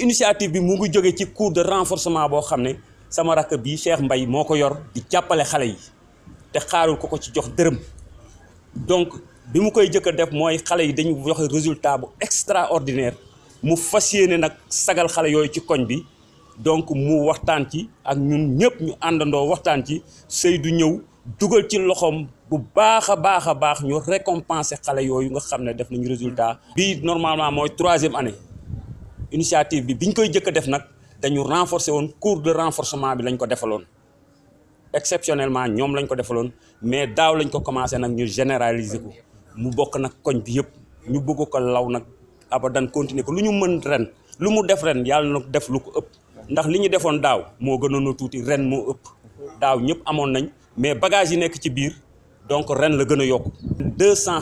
initiative bi mu ngi jóge ci cours de renforcement boo xam ne sama rakk bi Cheikh mbay moo ko yor di jàppale xale yi te xaarul ko ko ci jox dërëm donc bi mu koy jëkk a def mooy xale yi dañu joxe résultat bu extraordinaire mu fas yéene nag sagal xale yooyu ci koñ bi donc mu waxtaan ci ak ñun ñëpp ñu àndandoo waxtaan ci Seydou ñëw dugal ci loxom bu baax a baax ñu récompenser xalé yoyu nga xam def nañu résultat bi normalement moy 3e année initiative bi biñ koy jëkk def nak dañu renforcer won cours de renforcement bi lañ ko défalon exceptionnellement ñom lañ ko défalon mais daw lañ ko commencer nak ñu généraliser ko mu bok nak koñ bi yépp ñu bëgg ko law nak abadan continuer ko lu ñu mën ren lu mu def ren yalla nak def lu ko ëpp ndax li ñu defoon daw mo gënoon a tuuti ren moo ëpp daw ñëpp amon nañ mais bagages yi nek ci biir donc ren la gën a 200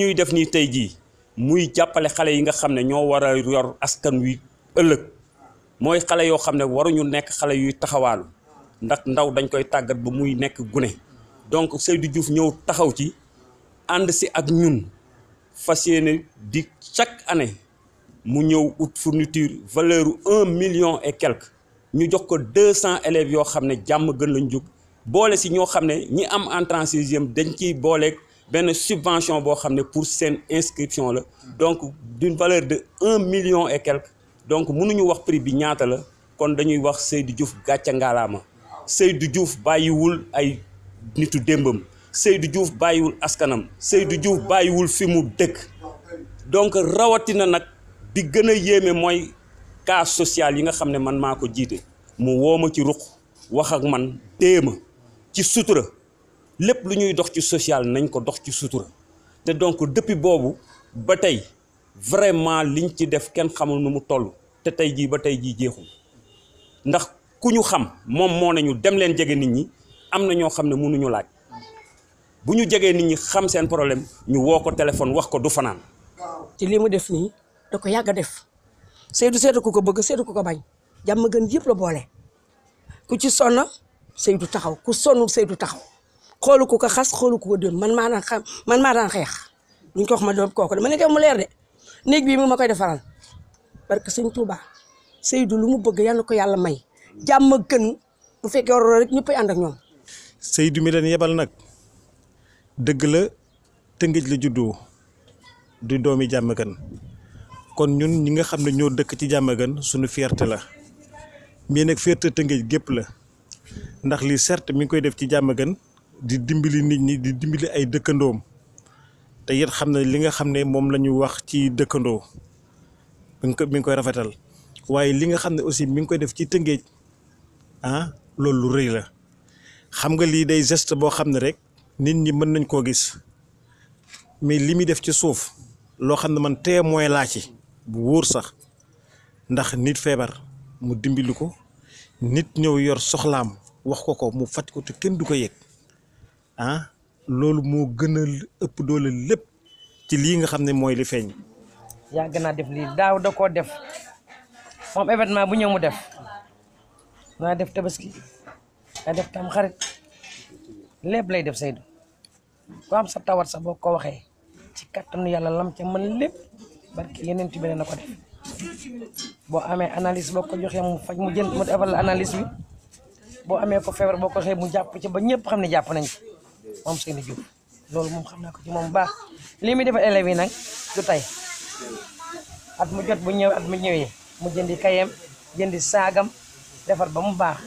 ñuy def ni tay ji muy jappalé xalé yi nga xamné ne yor askan wi moy xalé ne ndax ndaw dañ koy muy donc Seydou Diouf ñëw taxaw ci and de ak ñun di chaque année mu fourniture valeur un million et quelques ñu jox ko 200 élèves yo xamné jamm gën lañ si ño xamné am en sixième dañ subvention bo xamné pour cette inscription donc d'une valeur de 1 million et quelques. donc ñu wax prix bi ñaata la kon dañuy wax Seydou Diouf gatcha Seydou Diouf bayiwul ay nitu dembam Seydou Diouf askanam Seydou Diouf bayiwul fimu dekk donc rawatina nak di cas social yi nga xam ne man maa ko jiite mu woo ma ci ruq wax ak man téema ci sutura lépp lu ñuy dox ci sociale nañ ko dox ci sutura te donc depuis boobu ba tey vraiment liñ ci def kenn xamul nu mu toll te tey jii ba tey jii jeexul ndax ku ñu xam moom moo nañu dem leen jege nit ñi am na ñoo xam ne mënuñu laaj bu ñu jegee nit ñi xam seen problème ñu woo ko téléphone wax ko du fanaan. ci li mu def nii da ko yàgg def. Seydou seydou kuko ko bëgg seetu ku ko bañ jàmm gën yëpp la boole ku ci son Seydou taxaw ku sonnul Seydou taxaw xoolu kuko ko xas kuko deun man ma daan xam man ma daan xex ñu ko wax ma doon kooku de ma mu leer de néeg bi mu makoy koy defaral parce que Touba Seydou lu mu bëgg yalla ko yalla may jàmm gën bu fekkee waroon rek pay and ak ñom Seydou mi leen yebal nak dëgg la Tëngéej la juddoo du doomi jàmm gën kon ñun ñi nga xam ne ñoo dëkk ci Diamaguène suñu fierté la mais nag fierté Tëngéej gépp la ndax li certes mi ngi koy def ci Diamaguène di dimbali nit ñi di dimbali ay dëkkandoom te it xam ne li nga xam ne moom la ñu wax ci dëkkandoo mi ngi koy mi ngi koy rafetal waaye li nga xam ne aussi mi ngi koy def ci Tëngéej ah loolu rëy la xam nga lii day geste boo xam ne rek nit ñi mën nañ koo gis mais li muy def ci suuf loo xam ne man mooy laa ci bu wor sax ndax nit febar mu dimbali nit ñew yor soxlam wax ko ko mu te kenn du ko ah loolu moo gën ëpp doole lepp ci li nga xamne moy li feñ ya gëna def li daaw da ko def mom événement bu ñew mu def na def tabaski da def tam xarit lepp lay def Seydou ko am sa tawat sa bokko waxe ci katanu yalla lam ci man lepp barki yenen ti benen na ko def bo amé analyse boo joxe mu faj mu jënd mu defal analyse bi bo amé ko feebar boo xé mu japp ci ba ñepp xam japp nañ ci mom Seyni Diouf loolu moom xam ko ci mom baax limi defal yi nak du tay at mu jot bu ñew at mu ñëwee mu jëndi kayem jëndi sagam defar ba mu baax